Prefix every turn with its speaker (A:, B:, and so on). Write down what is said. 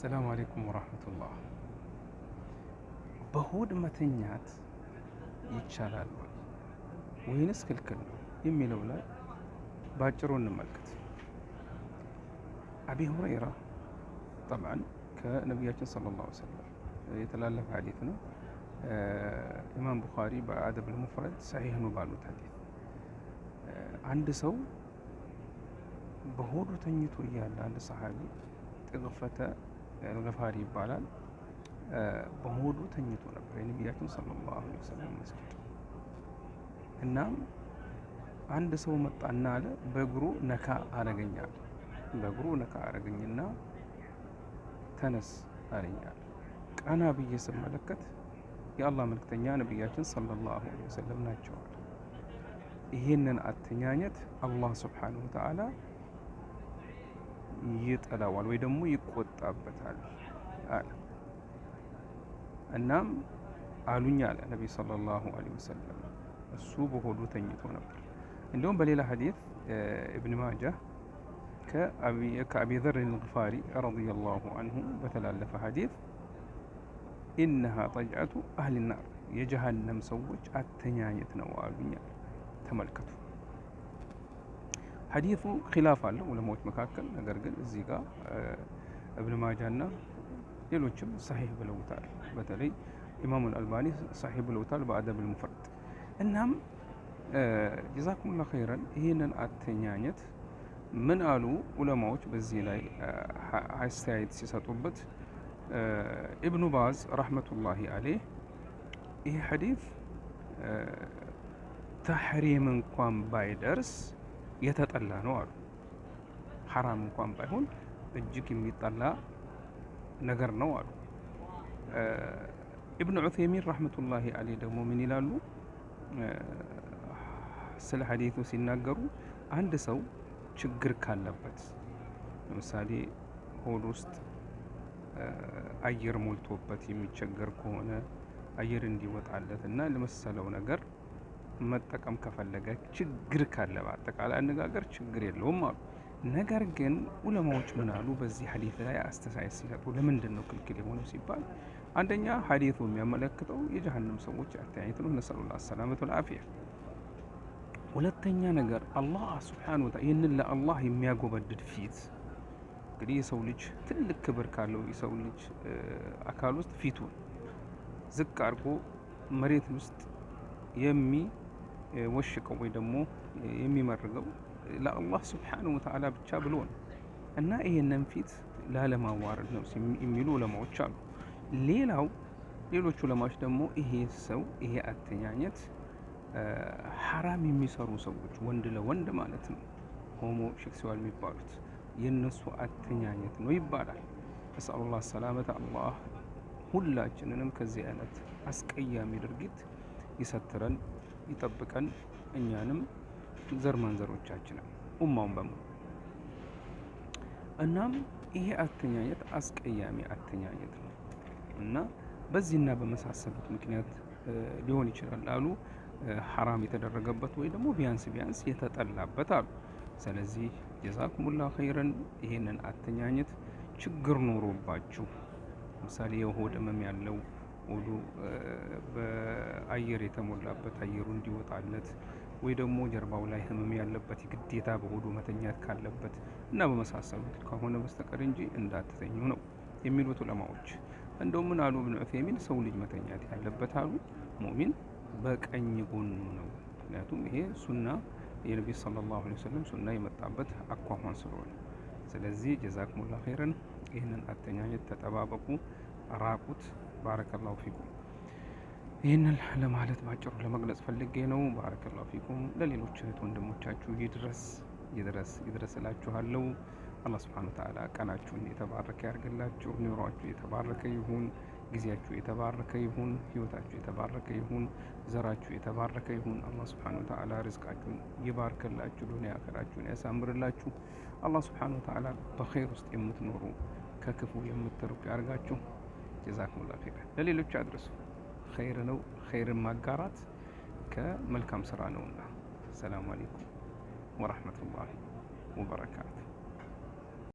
A: አሰላሙ አሌይኩም ወራህመቱላህ። በሆድ መተኛት ይቻላል ወይንስ ክልክል ነው የሚለው ላይ በአጭሩ እንመልከት። አቢ ሁረይራ ጠብዓን ከነቢያችን ሰለላሁ ዐለይሂ ወሰለም የተላለፈ ሀዲት ነው። ኢማም ቡኻሪ በአደብል ሙፍረድ ሰሒህ ነው ባሉት ሀዲት አንድ ሰው በሆዱ ተኝቶ እያለ አንድ ሰሓቢ ጥቅፈተ ገፋሪ ይባላል። በሆዱ ተኝቶ ነበር የነቢያችን ሰለላሁ ዐለይሂ ወሰለም መስጊድ። እናም አንድ ሰው መጣና አለ በእግሩ ነካ አረገኛል። በእግሩ ነካ አረገኝና ተነስ አለኛል። ቀና ብዬ ስመለከት የአላህ መልክተኛ ነቢያችን ሰለላሁ ዐለይሂ ወሰለም ናቸዋል። ይህንን አተኛኘት አላህ ስብሓነሁ ወተዓላ ይጠላዋል ወይ ደግሞ ይቆጣበታል አለ። እናም አሉኝ አለ ነቢ ሰለላሁ ዐለይሂ ወሰለም። እሱ በሆዱ ተኝቶ ነበር። እንዲሁም በሌላ ሀዲት እብን ማጃ ከአቢ ዘር ልግፋሪ ረዲየላሁ አንሁ በተላለፈ ሀዲት ኢነሃ ጠጅዐቱ አህልናር የጀሃነም ሰዎች አተኛኘት ነው አሉኛል። ተመልከቱ ሐዲሱ ኪላፍ አለው ዑለማዎች መካከል። ነገር ግን እዚህ ጋር እብን ማጃና ሌሎችም ሰሒህ ብለውታል። በተለይ ኢማሙ አልባኒ ሰሒህ ብለውታል በአደብል ሙፈረድ። እናም ጀዛኩሙላ ኸይረን ይህንን አተኛኘት ምን አሉ ዑለማዎች በዚህ ላይ አስተያየት ሲሰጡበት ኢብኑ ባዝ ረሕመቱላሂ አሌህ ይህ ሐዲስ ተሕሪም እንኳን ባይደርስ የተጠላ ነው አሉ። ሐራም እንኳን ባይሆን እጅግ የሚጠላ ነገር ነው አሉ። ኢብኑ ዑሰይሚን ረሕመቱላሂ አለይህ ደግሞ ምን ይላሉ? ስለ ሀዲቱ ሲናገሩ አንድ ሰው ችግር ካለበት ለምሳሌ ሆድ ውስጥ አየር ሞልቶበት የሚቸገር ከሆነ አየር እንዲወጣለት እና ለመሰለው ነገር መጠቀም ከፈለገ ችግር ካለ በአጠቃላይ አነጋገር ችግር የለውም አሉ። ነገር ግን ኡለማዎች ምን አሉ? በዚህ ሀዲት ላይ አስተሳየት ሲሰጡ ለምንድን ነው ክልክል የሆነው ሲባል አንደኛ ሀዲቱ የሚያመለክተው የጀሀነም ሰዎች አተያየት ነው። ነሰሉ ላ ሰላመቱ ልአፍያ። ሁለተኛ ነገር አላህ ስብሓን ወታ ይህንን ለአላህ የሚያጎበድድ ፊት እንግዲህ የሰው ልጅ ትልቅ ክብር ካለው የሰው ልጅ አካል ውስጥ ፊቱን ዝቅ አድርጎ መሬት ውስጥ የሚ ወሽቀው ወይ ደግሞ የሚመርገው ለአላህ ስብሓነሁ ወተዓላ ብቻ ብሎ ነው እና ይህንን ፊት ላለማዋረድ ነው የሚሉ ዑለማዎች አሉ። ሌላው ሌሎች ዑለማዎች ደግሞ ይሄ ሰው ይሄ አተኛኘት ሐራም የሚሰሩ ሰዎች ወንድ ለወንድ ማለት ነው ሆሞ ሴክሱዋል የሚባሉት የነሱ አተኛኘት ነው ይባላል። ነስአሉላህ ሰላመተ አላህ ሁላችንንም ከዚህ አይነት አስቀያሚ ድርጊት ይሰትረን። ይጠብቀን እኛንም ዘር ማንዘሮቻችንን ኡማውን በሙሉ። እናም ይሄ አተኛኘት አስቀያሚ አተኛኘት ነው እና በዚህና በመሳሰሉት ምክንያት ሊሆን ይችላል አሉ ሐራም የተደረገበት ወይ ደግሞ ቢያንስ ቢያንስ የተጠላበት አሉ። ስለዚህ ጀዛኩሙላ ኸይረን ይሄንን አተኛኘት ችግር ኖሮባችሁ ለምሳሌ የሆድ ህመም ያለው ሙሉ በአየር የተሞላበት አየሩ እንዲወጣለት ወይ ደግሞ ጀርባው ላይ ህመም ያለበት ግዴታ በሆዱ መተኛት ካለበት እና በመሳሰሉት ከሆነ በስተቀር እንጂ እንዳትተኙ ነው የሚሉት ዑለማዎች። እንደው ምን አሉ ብን ዑሰይሚን ሰው ልጅ መተኛት ያለበት አሉ ሙሚን በቀኝ ጎኑ ነው። ምክንያቱም ይሄ ሱና የነቢ ሰለላሁ ዐለይሂ ወሰለም ሱና የመጣበት አኳኋን ስለሆነ፣ ስለዚህ ጀዛኩሙላሁ ኸይረን። ይህንን አተኛኘት ተጠባበቁ፣ ራቁት። ባረከላሁ ፊኩም። ይህንን ለማለት ባጭሩ ለመግለጽ ፈልጌ ነው። ባረከላሁ ፊኩም። ለሌሎች እህት ወንድሞቻችሁ ይድረስ ይድረስ ይድረስ እላችኋለሁ። አላህ ሱብሓነሁ ወተዓላ ቀናችሁን የተባረከ ያርግላችሁ። ኑሯችሁ የተባረከ ይሁን። ጊዜያችሁ የተባረከ ይሁን። ህይወታችሁ የተባረከ ይሁን። ዘራችሁ የተባረከ ይሁን። አላህ ሱብሓነሁ ወተዓላ ርዝቃችሁን ይባርክላችሁ። ዱንያ አኸራችሁን ያሳምርላችሁ። አላህ ሱብሓነሁ ወተዓላ በኸይር ውስጥ የምትኖሩ ከክፉ የምትርቁ ያርጋችሁ። ጀዛኩሙላ ኸይረን። ለሌሎች አድርሱ። ኸይር ነው። ኸይርን ማጋራት ከመልካም ስራ ነውና። ሰላሙ አሌይኩም ወረህመቱላሂ ወበረካቱ